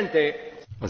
presidente